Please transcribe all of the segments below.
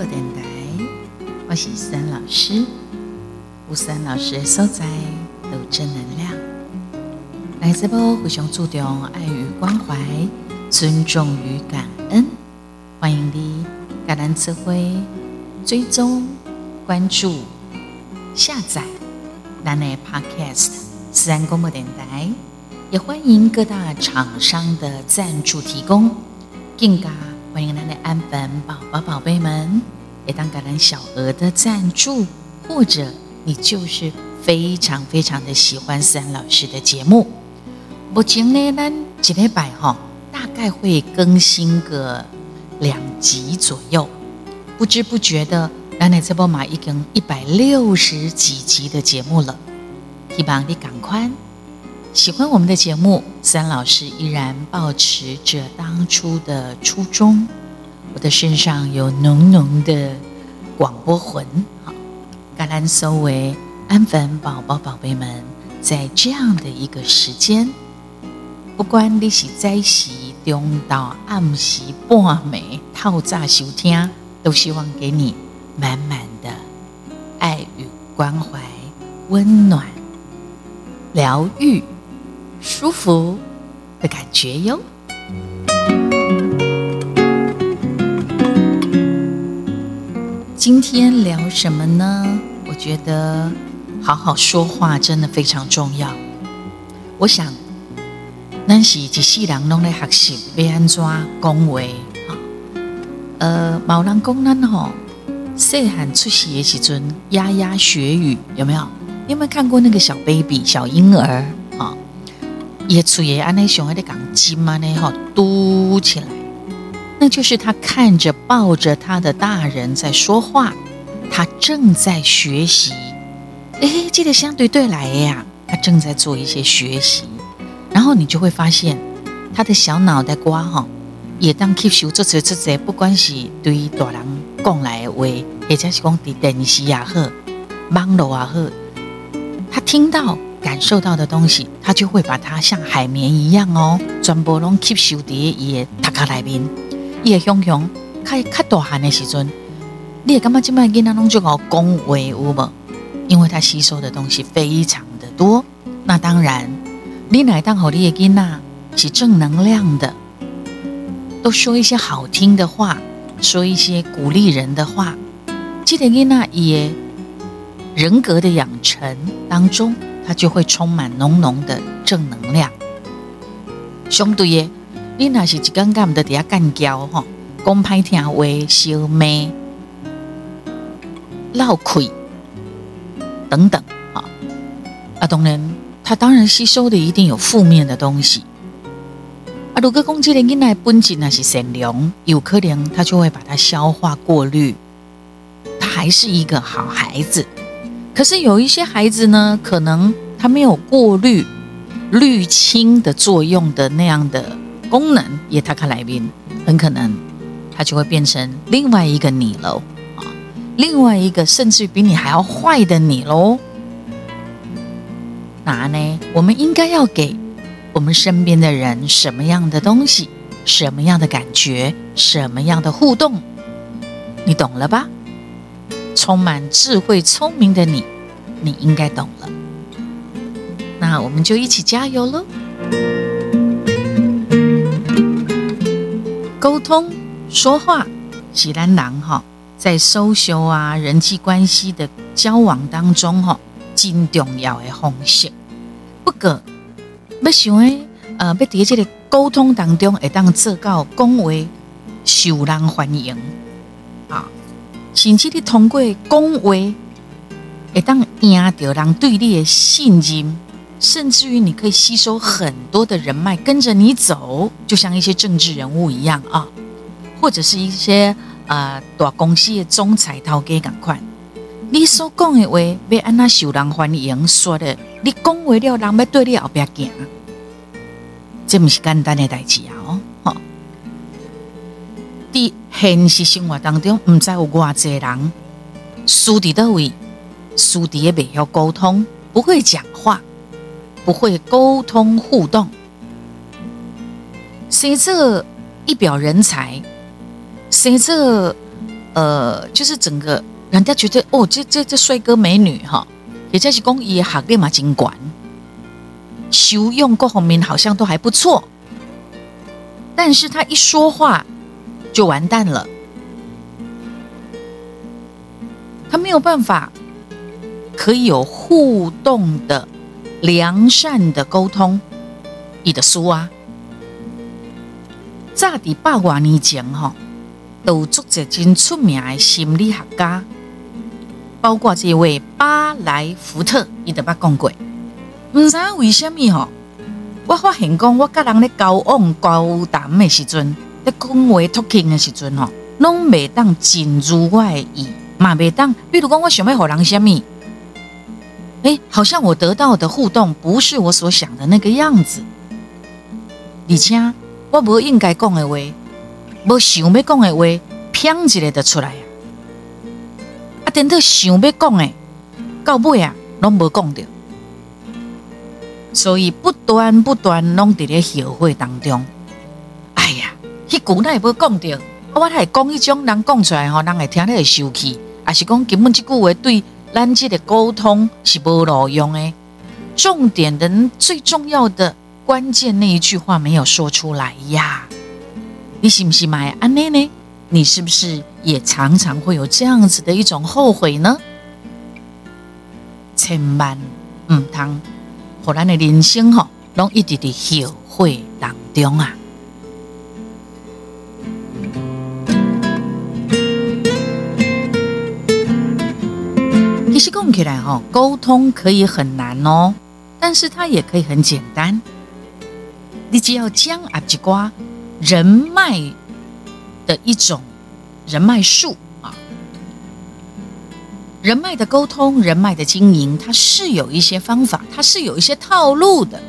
廣播電台，我是思安老師，吳思安老師的所在都正能量，來自播非常注重愛與關懷、尊重與感恩，歡迎你感恩智慧、追蹤、關注、下載南奶 Podcast 自然廣播電台，也歡迎各大廠商的贊助提供，更加。歡迎來的安粉寶寶，寶、寶貝們，也當感恩小額的贊助，或者你就是非常非常的喜歡思安老師的節目。目前呢，咱一禮拜哈，大概會更新個兩集左右，不知不覺得們的，咱你這波嘛已經一百六十幾集的節目了，希望你趕快。喜歡我們的節目，三老師依然保持着當初的初衷。我的身上有濃濃的廣播魂。好，感恩所有安粉寶寶,寶、寶,寶貝們，在這樣的一個時間，不管你是在時、中到暗時、半暝、透早、收聽，都希望給你滿滿的愛與關懷、溫暖、療癒。舒服的感覺喲。今天聊什麼呢？我覺得好好說話真的非常重要。我想，咱是一世人攏在學習，要安怎講話？啊，呃，某人講呢吼，細漢出事起尊牙牙學語，有沒有？你有沒有看過那個小 baby，小嬰兒？也粗也，安尼小孩的講機嘛吼嘟起來，那就是他看着抱着他的大人在說話，他正在學習。誒、欸，這個相對對來呀、啊，他正在做一些學習。然後你就會發現，他的小腦袋瓜哈，也當吸收這些這些，不管是對大人講來的話，或者是講在電視也好，網絡也好，他聽到。感受到的東西，他就會把它像海綿一樣哦，全部攏吸收佇伊個塔殼內面。伊個形容，開開大漢的時陣，你也幹嘛？今麥囡仔攏就個恭維我麼？因為他吸收的東西非常的多。那當然，你來當好滴囡仔，是正能量的，都說一些好聽的話，說一些鼓勵人的話。記得囡仔伊個人格的養成當中。他就會充滿濃濃的正能量。相對的，你若是一天天那是剛剛的底下幹架哈，公拍天為小妹鬧虧等等哈。啊，當然，他當然吸收的一定有負面的東西。啊，如果攻擊人囡仔本質若是善良，有可能他就會把它消化過濾，他還是一個好孩子。可是有一些孩子呢，可能他沒有過濾、濾清的作用的那樣的功能，也他看來賓，很可能他就會變成另外一個你嘍，另外一個甚至比你還要壞的你嘍。那呢，我們應該要給我們身邊的人什麼樣的東西？什麼樣的感覺？什麼樣的互動？你懂了吧？充滿智慧、聰明的你，你應該懂了。那我們就一起加油嘍！溝通說話是咱人哈，在社交啊、人際關係的交往當中哈，真重要的方式。不過，要想呢，呃，要在這個溝通當中會當做到講話受人歡迎。甚至你通過講話，會當贏得人對你的信任，甚至於你可以吸收很多的人脈跟着你走，就像一些政治人物一樣啊、哦，或者是一些啊、呃、大公司的總裁頭家一樣。你所講的話，要安那受人歡迎說的，你講話了人，要對你後壁行，這不是簡單的代志啊！在現實生活當中，不知道有多少人，輸在哪裡，輸在也未曉溝通，不會講話，不會溝通互動。誰這一表人才，誰這呃，就是整個人家覺得哦，這這這帥哥美女哈、哦，也就是公益行業嘛，儘管修用各方面好像都還不錯，但是他一說話，就完蛋了，他沒有辦法可以有互動的、良善的溝通。伊的書啊，早佇百外年前，吼，都作者真出名的心理學家，包括這位巴萊福特，伊的捌講過。唔知為啥物，吼，我發現講我甲人咧交往、交談的時陣。在講話、talking 的時候，都攏未當真入我的意，嘛未當。比如講，我想要互人什麼、欸？好像我得到的互動不是我所想的那個樣子。而且，我無應該講的話，我無想要講的話，砰一下就出來呀。啊，等到想要講的，到尾啊，都無講到。所以，不斷不斷，攏在咧後悔當中。去古奈也不講到，我我還講一種人講出來吼，人會聽了會受氣，還是講根本這句話對咱這個溝通是無路用誒。重點的、最重要的、關鍵那一句話沒有說出來呀，啊！你是不是嘛？按呢呢，你是不是也常常會有這樣子的一種後悔呢？千萬毋通，當我們的人生吼，攏一直在後悔當中啊！其實講起來，溝通可以很難哦，但是它也可以很簡單。你只要將阿吉瓜人脈的一種人脈術啊，人脈的溝通、人脈的經營，它是有一些方法，它是有一些套路的，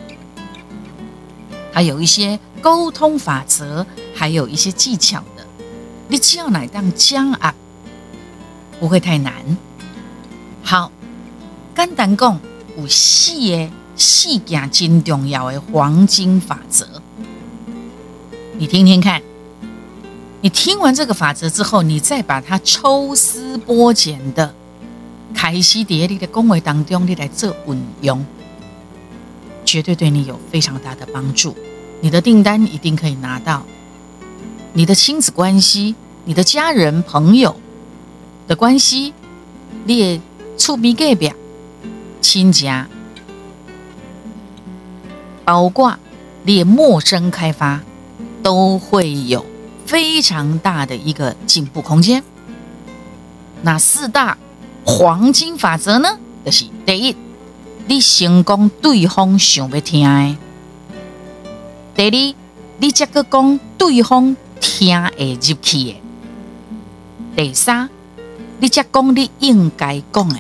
它有一些溝通法則，還有一些技巧的。你只要來當將阿，不會太難。好，簡單講，有四個四件真重要的黃金法則，你聽聽看。你聽完這個法則之後，你再把它抽絲剝繭的開西·迭利的公文當中，你來做運用，絕對對你有非常大的幫助。你的訂單一定可以拿到，你的親子關係、你的家人朋友的關係，列，觸筆隔壁親家、八卦，連陌生開發都會有非常大的一個進步空間。那四大黃金法則呢？就是：第一，你先講對方想要聽的；第二，你這個講對方聽而入去；第三，你只講你應該講誒。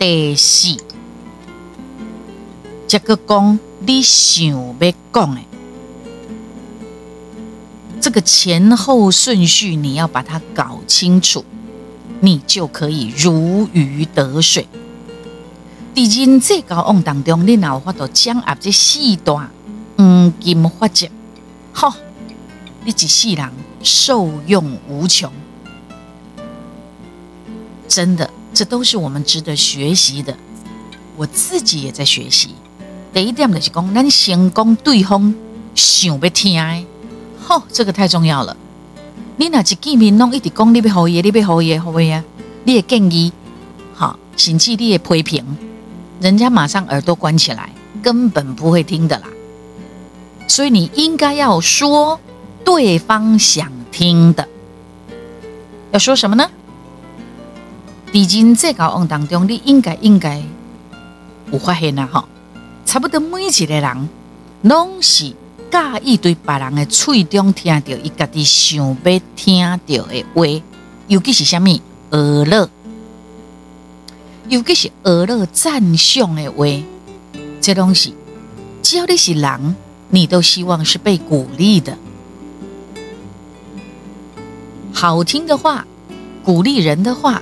第四，再講你想要講的，這個前後順序你要把它搞清楚，你就可以如魚得水。在人際交往當中，你若有法度掌握這四大黃、嗯、金法則，好，你一世人受用無窮，真的。這都是我們值得學習的，我自己也在學習。第一點就是講，咱先講對方想不聽哎，吼、哦，這個太重要了。你那只見面弄一直講，你不好耶，你不好耶，好耶，你也建議，好、哦，甚至你也批評，人家馬上耳朵關起來，根本不會聽的啦。所以你應該要說對方想聽的，要說什麼呢？在真正交往當中，你應該應該有發現啦，吼，差不多每一個人攏是介意對別人的嘴中聽到伊家己想要聽到的話，尤其是蝦米娛樂，尤其是娛樂讚賞的話，這東西只要你是人，你都希望是被鼓勵的，好聽的話，鼓勵人的話。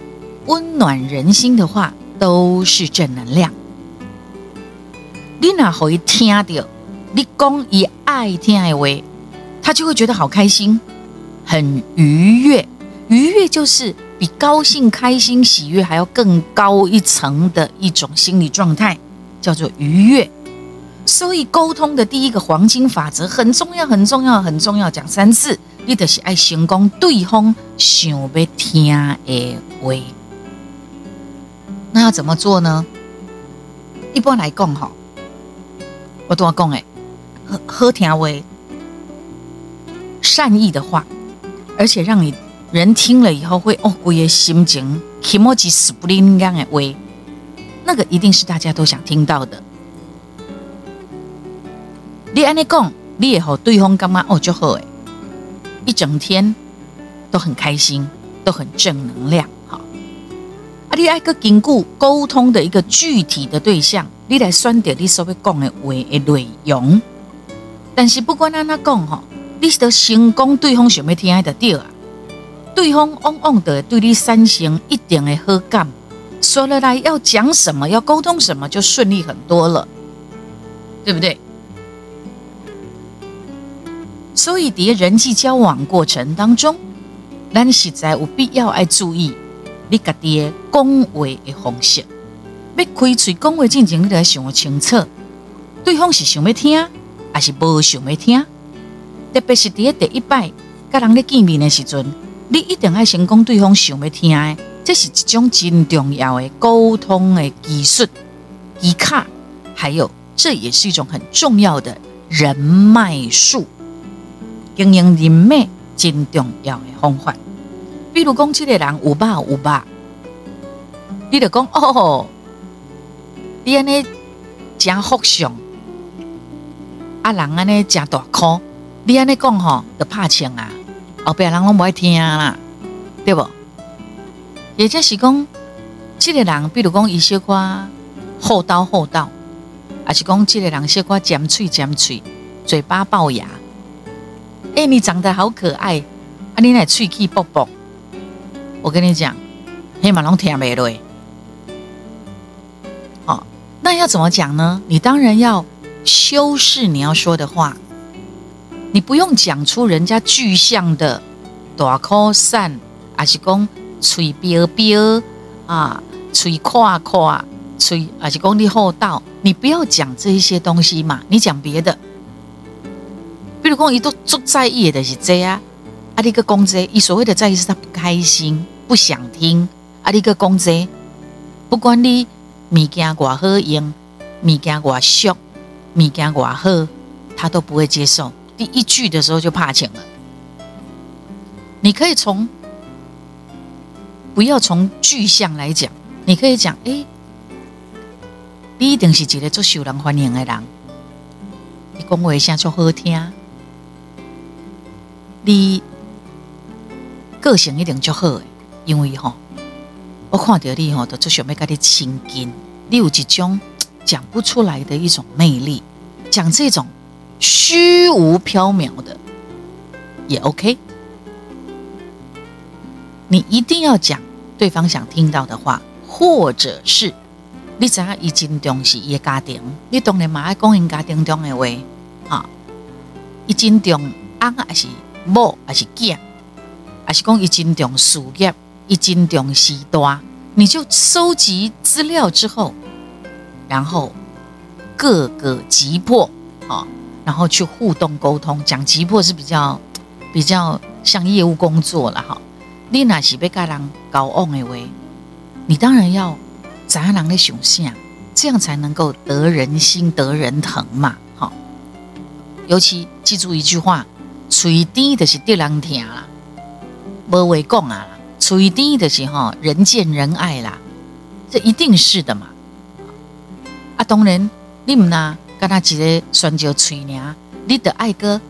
溫暖人心的話都是正能量。你哪會聽到？你講以愛聽的話，他就會覺得好開心，很愉悅。愉悅就是比高興、開心、喜悅還要更高一層的一種心理狀態，叫做愉悅。所以溝通的第一個黃金法則很重要，很重要，很重要。講三次，你就是愛先講，對方想要聽的話。那要怎麼做呢？一般來講，哈，我都要講，哎，好好聽的話，善意的話，而且讓你人聽了以後會哦，貴嘅心情，起碼是死不靈亮嘅味。那個一定是大家都想聽到的。你安尼講，你也好，對方感覺哦就好，哎，一整天都很開心，都很正能量。啊！你愛根據溝通的一個具體的對象，你來選擇你所謂講的話的內容。但是不管按怎講吼，你是得先講對方想要聽的到啊，對方往往都會對你產生一定的好感，說了來要講什麼，要溝通什麼就順利很多了，對不對？所以在人際交往過程當中，咱實在有必要愛注意。你家己嘅講話嘅方式，要開嘴講話之前，你得想清楚，對方是想要聽，還是無想要聽。特別是第一第一擺，甲人咧見面嘅時陣，你一定要先講對方想要聽的，這是一種真重要嘅溝通嘅技術、技巧。還有，這也是一種很重要的人脈術，經營人脈真重要嘅方法。比如講，這個人有肉有肉，你就講哦，吼、啊，你安尼真福相，啊人安尼真大顆，你安尼講吼，就怕請啊，後邊人攏不愛聽啦，對不對？也就是講，這個人比如講一些寡厚道厚道，也是講這個人些寡尖嘴尖嘴，嘴巴齙牙。哎、欸，你長得好可愛，啊你那牙齒薄薄。我跟你講，黑馬龍聽沒得哦？那要怎麼講呢？你當然要修飾你要說的話，你不用講出人家具象的大口扇，還是講嘴飆飆啊，嘴誇誇嘴還是講你厚道，你不要講這一些東西嘛，你講別的。比如說你都足在意的，是這樣。啊你一！你閣講這，你所謂的在意是他不開心，不想聽。啊！你閣講這，不管你物件外好用，物件外俗，物件外好，他都不會接受。第一句的時候就怕錢了。你可以從不要從具象來講，你可以講：誒、欸，你一定是一個最受人歡迎的人。你講話聲最好聽。你。個性一定較好誒，因為吼，我看着你吼，就做想要加你親近，你有一種講不出來的一種魅力，講這種虛無縹緲的也 OK。你一定要講對方想聽到的話，或者是你知影伊心中是伊的家庭，你當然嘛，愛講因家庭中的話，啊、哦，伊心中翁啊，還是某，還是囝？也是講一斤重樹葉，一斤重西多，你就收集資料之後，然後各個擊破，啊，然後去互動溝通，講擊破是比較比較像業務工作了哈。你若是要跟人交往的話，你當然要咱人的雄性，這樣才能夠得人心、得人疼嘛，哈，尤其記住一句話，隨低就是得人聽啦。無話講啊，處一的時候人見人愛啦，這一定是的嘛。啊，當然，你們吶，跟他一個宣，就嘴娘，你的愛歌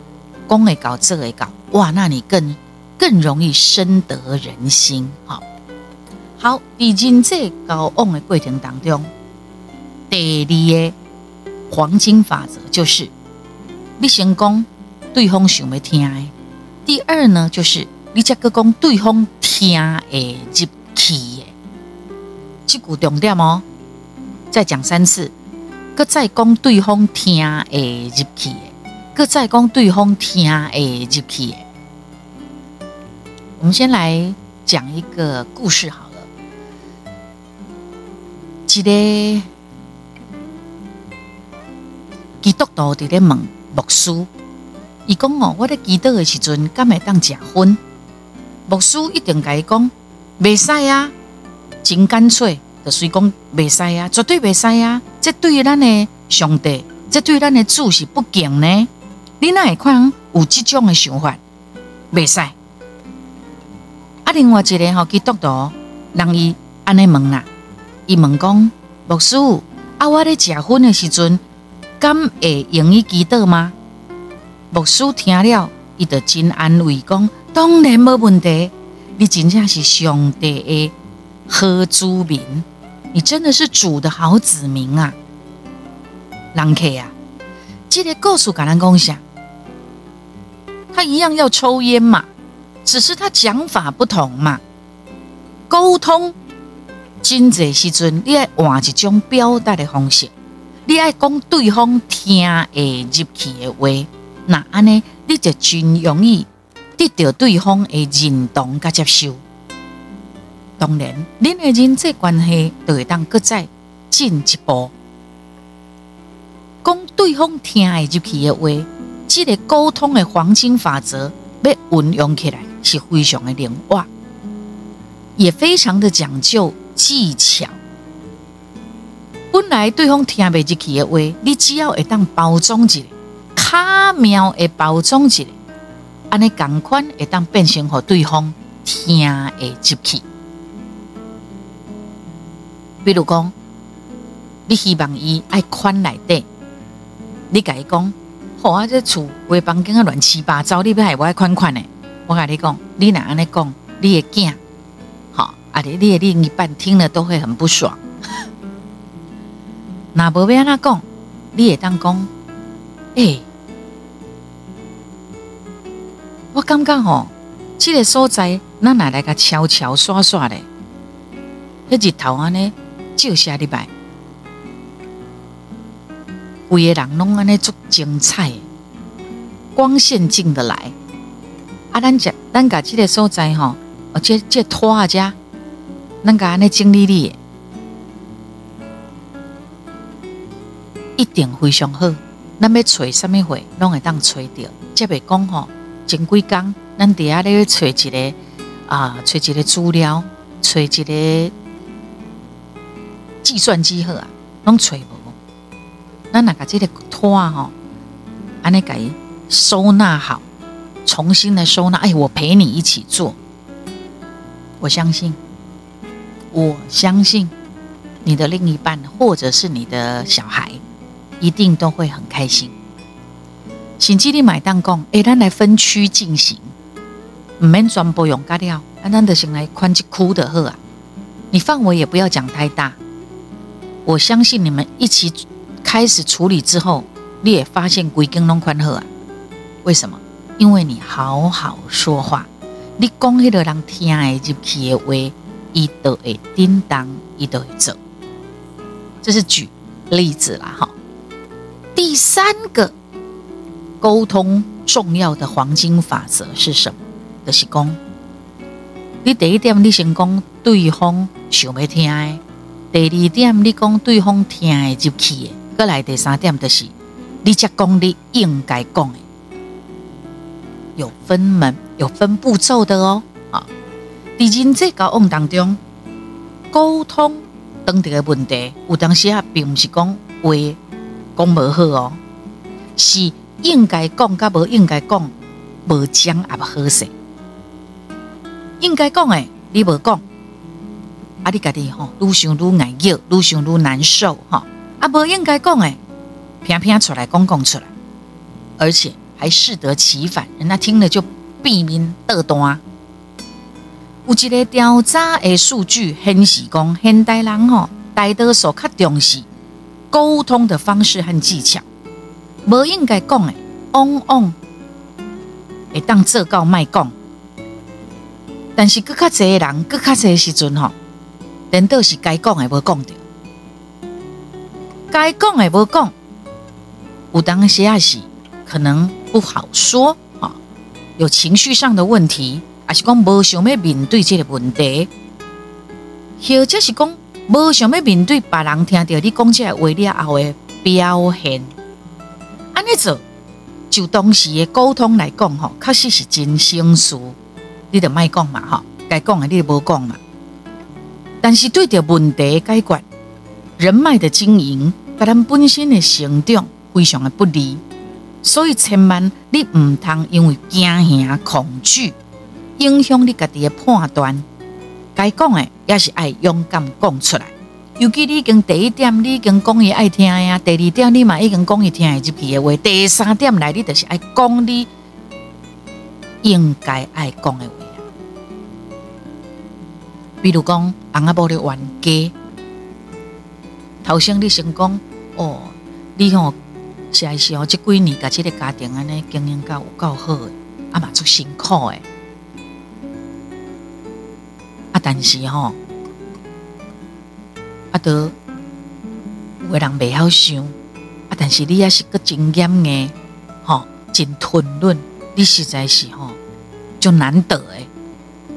講會搞，做會搞，哇，那你更更容易深得人心。好好，佇人際交往的過程當中，第二的黃金法則就是，你先講，對方想要聽的。第二呢，就是。你再講，對方聽會入去耶？這句重點哦！再講三次，閣再講對方聽會入去耶，閣再講對方聽會入去耶。我們先來講一個故事好了。一個基督徒佇咧問牧師：“伊講哦，我咧祈禱的時陣，敢會當食薰？”牧師一定甲伊講，袂使啊，真乾脆，就算講袂使啊，絕對袂使啊。這對咱的上帝，這對咱的主是不敬呢。你那可能有這種的想法，袂使。啊，另外一個讀讀讀人吼去度度，讓伊安尼問啦，伊問講，牧師，啊，我咧食薰的時陣，敢會用伊祈禱嗎？牧師聽了，伊就真安慰講。當然沒問題，你真正是上帝的好子民，你真的是主的好子民啊！人客啊，記、這個故事，共咱講啥？他一樣要抽煙嘛，只是他講法不同嘛。溝通真儕時陣，你要換一種表達的方式，你要講對方聽誒入去的話，那安尼你就真容易。得到對方的認同和接受，當然，恁的人際關係就會當擱再進一步講。對方聽會入去的話，即、這個溝通的黃金法則要運用起來是非常的靈活，也非常的講究技巧。本來對方聽袂入去的話，你只要會當包裝一下，巧妙嘅包裝一下。安尼共款會當變成互對方聽的語氣，比如講，你希望伊愛款內底，你甲伊講，好、哦、啊，這厝，這房間啊亂七八糟，你欲害我愛款款的。我甲你講，你若安尼講，你也驚，吼、哦、啊，你的你的另一半聽了都會很不爽。若無要安尼講，你也當講，哎、欸。我感覺吼、哦，即、這個所在，咱奶奶個悄悄耍耍嘞，迄日頭安尼照射入來，規個人攏安尼足精彩，光線進得來。啊，咱遮咱甲即個所在吼，我接接拖仔遮，咱甲安尼整理理的，一定非常好。咱要揣啥物貨，攏會當揣着。這袂講吼。前幾工，咱底下咧找一個啊、呃，找一個資料，找一個計算機課啊，都找無。咱那個這個拖啊吼，安尼給收納好，重新收納、欸。我陪你一起做，我相信，我相信你的另一半或者是你的小孩一定都會很開心。請記得買單講，哎、欸，咱來分區進行，唔免全部用咖料，咱得先來看一庫的好啊。你範圍也不要講太大，我相信你們一起開始處理之後，你也發現鬼跟儂寬啊。為什麼？因為你好好說話，你講起的讓聽的就企業話，一德會叮當，一德會走。這是舉例子啦，哈。第三個。溝通重要的黃金法則是什麼？就是講，你第一點，你先講對方想要聽的；第二點，你講對方聽的進去的；再來第三點，就是你再講你應該講的，有分門，有分步驟的哦。啊，佇人際交往當中，溝通當中的問題，有當時啊，並不是講話講無好哦，是。應該講甲無應該講，無講也不好勢。應該講誒，你無講，啊你家己吼、哦、愈想愈難過，愈想愈難受吼、哦、啊無應該講誒，偏偏出來講，講出來，而且還適得其反，人家聽了就避免倒端。有一個調查的數據，顯示，講現代人吼、哦，大多數較重視溝通的方式和技巧。無應該講誒，往往會當做較賣講。但是更較儕個人，更較儕時陣吼，顛倒是該講誒無講着？該講誒無講，有當時也是可能不好說啊、哦。有情緒上的問題，還是講無想要面對這個問題。或者是講無想要面對別人聽到你講即個話了後誒表現。安尼做，就當時嘅溝通來講，吼，確實是真省事。你着賣講嘛，吼，該講嘅你無講嘛。但是對着問題解決、人脈的經營、和人本身嘅成長，非常的不利。所以千萬你唔通因為驚嚇恐懼，影響你家己嘅判斷。該講嘅也是要勇敢講出來。尤其你已經第一點，你已經講伊愛聽的呀、啊；第二點，你嘛已經講伊聽會入去的話；第三點來，你就是愛講你應該愛講的話。比如講，翁仔某，你冤家，頭先你先講哦，你吼是還是哦，即幾年家這個家庭安尼經營夠有夠好，啊，嘛足辛苦誒。啊，但是吼、哦。阿、啊、多有的人袂曉想，阿但是你也是閣真嚴誒，吼、哦，真吞忍，你實在是吼就難得的，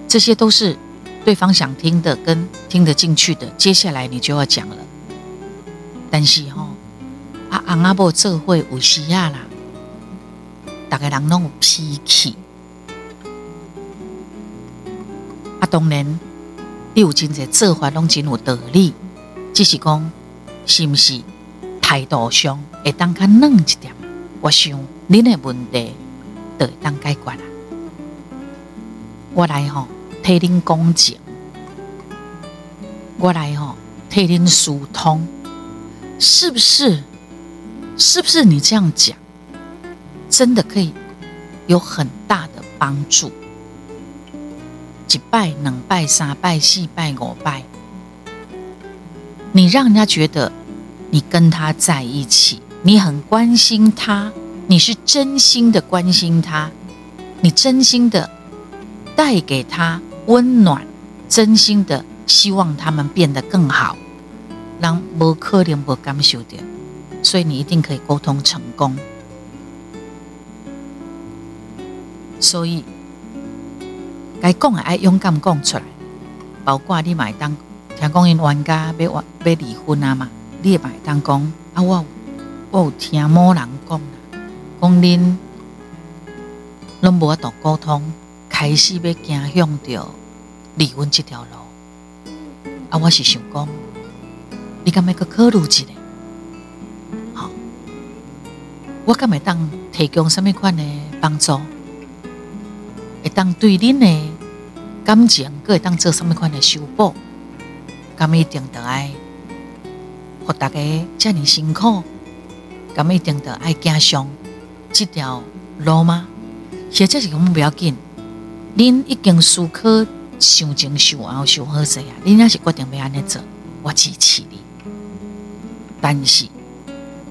這些都是對方想聽的，跟聽得進去的。接下來你就要講了。但是吼、哦，阿阿阿伯做會有時啊啦，逐個人攏有脾氣。阿、啊、當然，你有真濟做法攏真有道理。只、就是講，是不是態度上會當較軟一點？我想您的問題得當解決啦、喔。我來哈、喔，替您講解；我來哈，替您疏通。是不是？是不是你這樣講，真的可以有很大的幫助？一拜、兩拜、三拜、四拜、五拜。你讓人家覺得你跟他在一起，你很關心他，你是真心的關心他，你真心的帶給他溫暖，真心的希望他們變得更好，人不可能不感受到，所以你一定可以溝通成功。所以該講的要勇敢講出來，包括你買單。聽講，因冤家要要離婚啊嘛？你會當講啊，我我有聽某人講，講恁攏無當溝通，開始要走向到離婚這條路。啊，我是想講，你敢要個考慮一下？好，我敢會當提供什麼款的幫助？當對恁的感情，各當做什麼款的修補？咁一定得愛，給大家遮尼辛苦，咁一定得愛家鄉。這條路嗎？其實這是個目標，緊您已經思考、想盡、想熬、想好些啊。您要是決定要安尼做，我支持你。但是，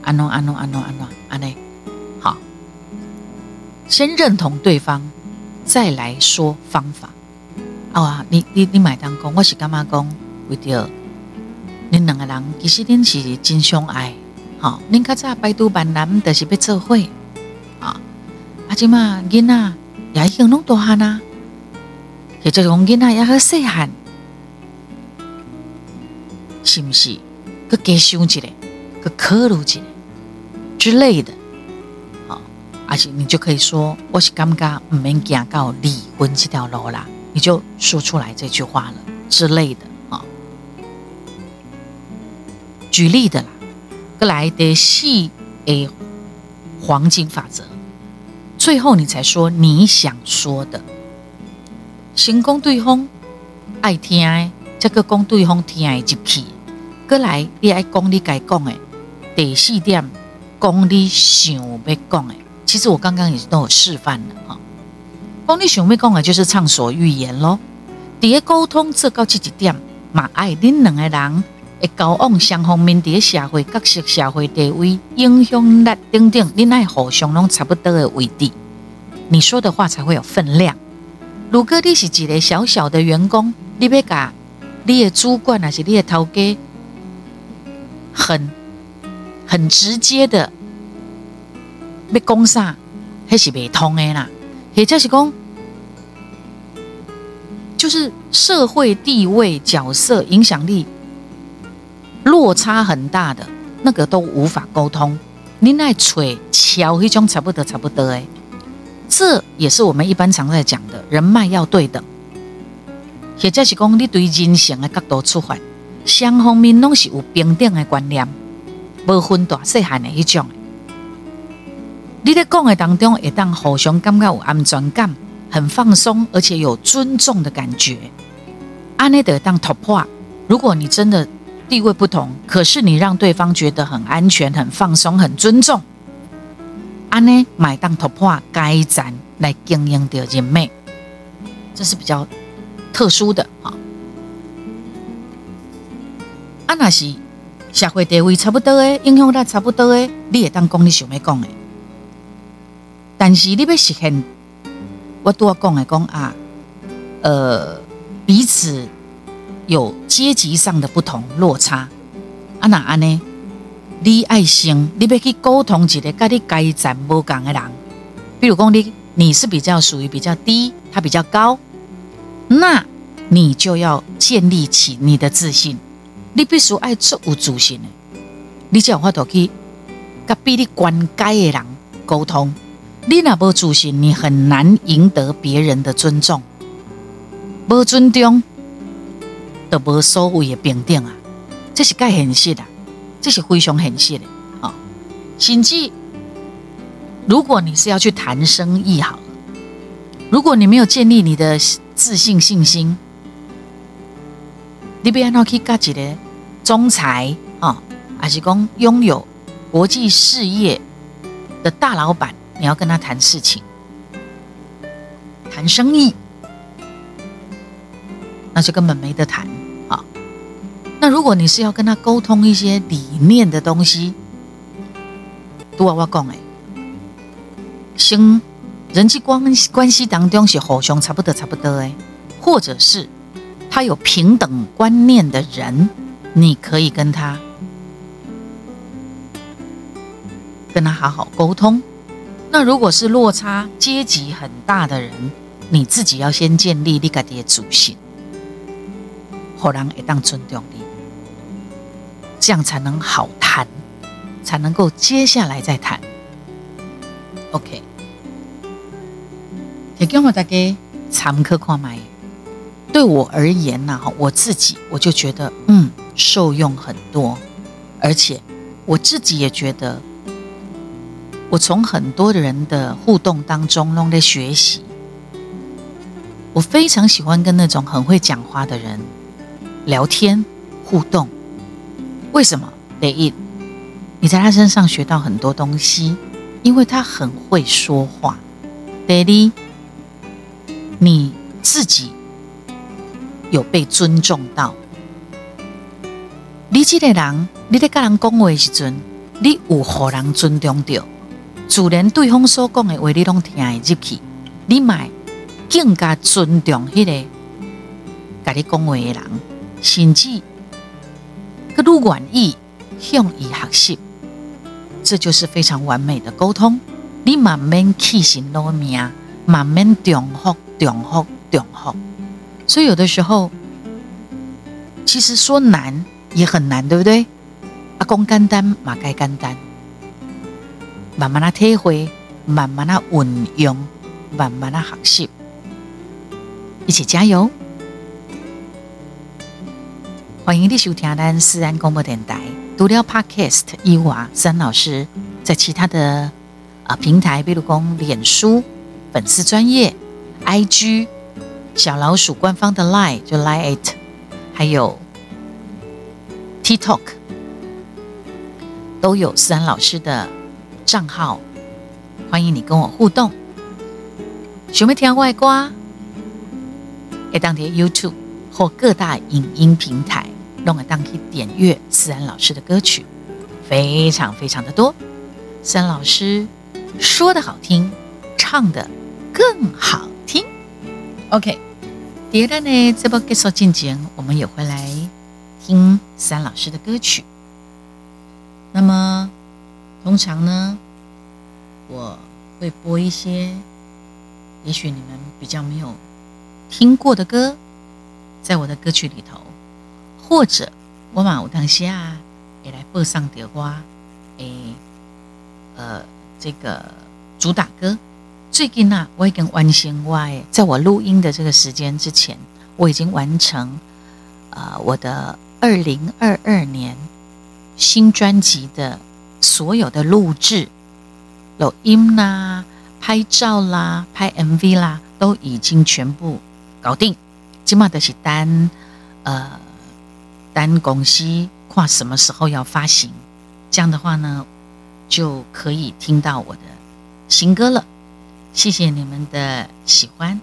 安諾、安諾、安諾、安諾、安尼好。先認同對方，再來說方法。哦、啊，你你你買當講，我是干媽講。對、嗯、的，恁、嗯嗯嗯、兩個人其實恁是真相愛，好恁較早百度版難的是不做會啊？阿即嘛囡啊，也已經攏多漢啦，而且從囡啊，也個細漢，是唔是？個加想起來，個考慮起來之類的，好、哦，而且你就可以說，我是感覺唔願走到離婚這條路啦，你就說出來這句話了之類的。舉例的啦，過來第四誒黃金法則，最後你才說你想說的，先講對方愛聽的，再去講對方聽進去，過來你愛講你該講誒，第四點講你想要講誒。其實我剛剛也都有示範了哈，講、哦、你想要講誒就是暢所欲言咯。第一，溝通做到這一個點，嘛愛恁兩個人。會交往相方面，佇社會角色、社會地位、影響力等等，你愛互相攏差不多的位置，你說的話才會有分量。如果你是一個小小的員工，你要甲你的主管還是你的頭家，很很直接的要講啥，那是袂通的啦。也就是講，就是社會地位、角色、影響力。落差很大的那個都無法溝通，你找找那錘敲一種差不多差不多哎。這也是我們一般常在講的人脈要對等，或者是講你對人性的角度出發，雙方面攏是有平等的觀念，不分大小漢的迄種。你在講的當中會當互相感覺有安全感，很放鬆，而且有尊重的感覺。安內得當突破。如果你真的。地位不同，可是你讓對方覺得很安全、很放鬆、很尊重。按呢，買當突破，階層來經營着人脈，這是比較特殊的哈。阿、啊、那是社會地位差不多的，影響力差不多的，你也當講你想要講的。但是你要實現，我都要講來講啊。呃，彼此。有階級上的不同落差，啊那安呢？你愛心，你要去溝通一個跟你階層無同的人。比如講，你你是比較屬於比較低，他比較高，那你就要建立起你的自信。你必須愛做有自信的，你才有法度去跟比你官階的人溝通。你若無自信，你很難贏得別人的尊重，無尊重。謂的無所謂的評定啊，這是該很細的，這是非常很細的，好、哦，甚至如果你是要去談生意，好，如果你沒有建立你的自信信心，你不要去到幾家的總裁啊，還是講擁有國際事業的大老闆，你要跟他談事情，談生意，那就根本沒得談。那如果你是要跟他溝通一些理念的東西，都娃娃講誒，先人際關係關係當中是好像差不多差不多誒，或者是他有平等觀念的人，你可以跟他跟他好好溝通。那如果是落差階級很大的人，你自己要先建立你家的主心，好讓人會當尊重你，這樣才能好談，才能夠接下來再談。OK，也跟我在給參考看看。對我而言呢、啊，我自己我就覺得，嗯，受用很多，而且我自己也覺得，我從很多人的互動當中都在學習。我非常喜歡跟那種很會講話的人聊天互動。為什麼？第一，你在他身上學到很多東西，因為他很會說話。第二，你自己有被尊重到。你這個人，你在跟人講話時陣，你有互人尊重到，自然對方所講的話，你攏聽入去，你買更加尊重那個跟你講話的人，甚至。都願意向你學習，這就是非常完美的溝通。你慢慢起心動念，慢慢重複、重複、重複。所以有的時候，其實說難也很難，對不對？阿、啊、講簡單，嘛該簡單。慢慢的體會，慢慢的運用，慢慢的學習，一起加油。歡迎你收聽咱思安廣播電台。除了 Podcast 以外，三老師在其他的啊、呃、平台，比如講臉書本次專業、IG、小老鼠官方的 l i e 就 l i e It，還有 TikTok，都有三老師的賬號。歡迎你跟我互動。想袂聽外掛，會當在 YouTube 或各大影音,音平台。弄個當氣點閱，思安老師的歌曲非常非常的多。思安老師說的好聽，唱的更好聽。OK，第二呢，這波介紹靜靜，我們也會來聽思安老師的歌曲。那麼，通常呢，我會播一些也許你們比較沒有聽過的歌，在我的歌曲裡頭。或者我馬烏當先啊，也來播上點歌。哎，呃，這個主打歌，最近啊，我也跟 Yan 在我錄音的這個時間之前，我已經完成呃我的二零二二年新專輯的所有的錄製、錄音啦、啊、拍照啦、拍 MV 啦，都已經全部搞定。今晚的是單呃。單拱西跨什麼時候要發行？這樣的話呢，就可以聽到我的新歌了。謝謝你們的喜歡。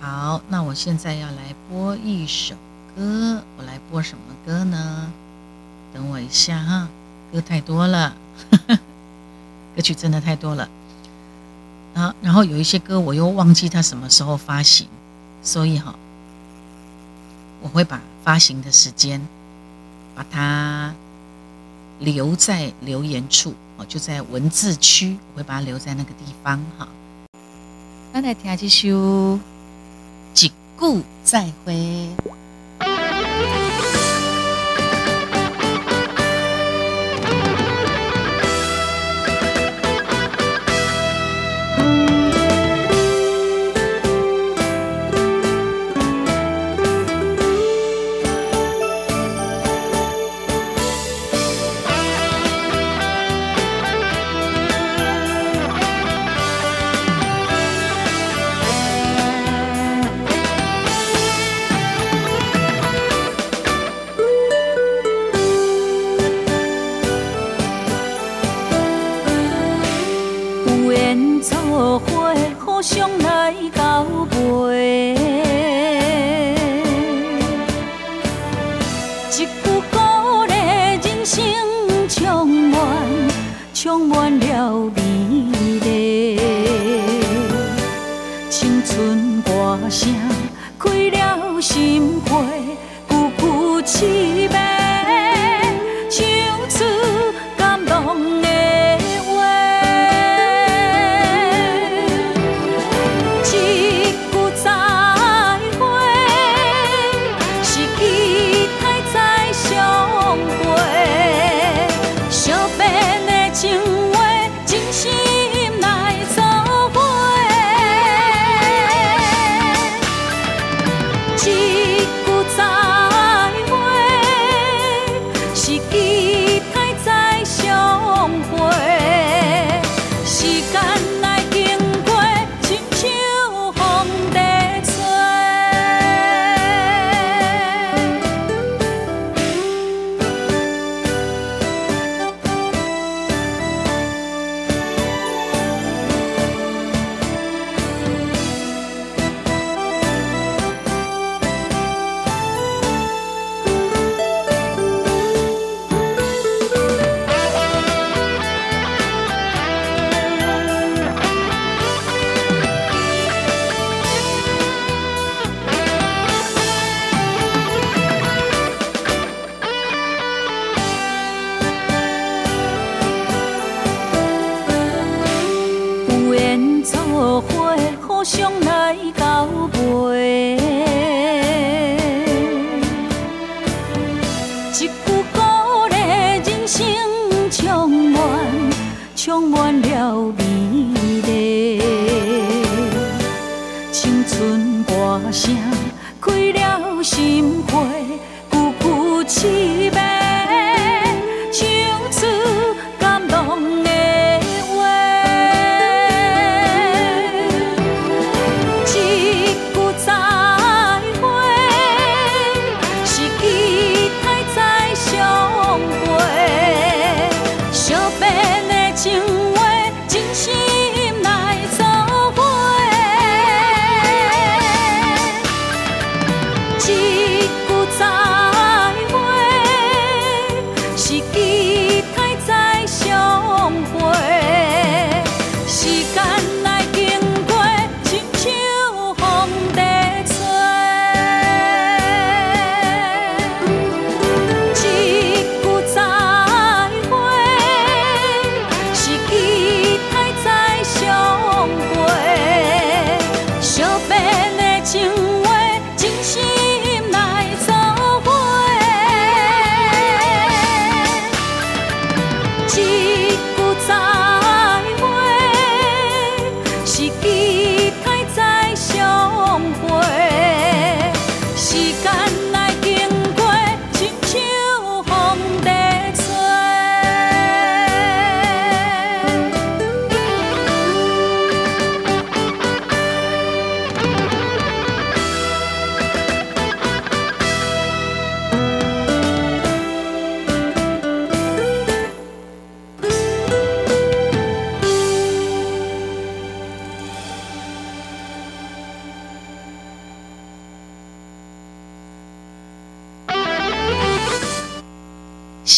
好，那我現在要來播一首歌。我來播什麼歌呢？等我一下哈，歌太多了，呵呵，歌曲真的太多了。啊，然後有一些歌我又忘記它什麼時候發行，所以哈，我會把。發行的時間，把它留在留言處哦，就在文字區，我會把它留在那個地方哈。我們來聽這首《一句再會》。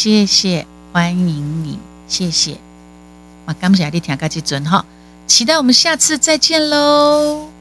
謝謝，歡迎你，謝謝。我感謝你聽到這陣哈，期待我們下次再見嘍。